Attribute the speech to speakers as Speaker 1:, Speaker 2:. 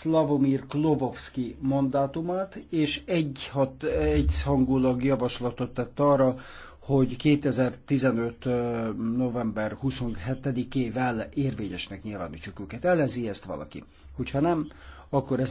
Speaker 1: Slavomir Klovovski mandátumát, és egy, hat, egy hangulag javaslatot tett arra, hogy 2015. november 27-ével érvényesnek nyilvánítsuk őket. Elezi ezt valaki? Hogyha nem,
Speaker 2: akkor ez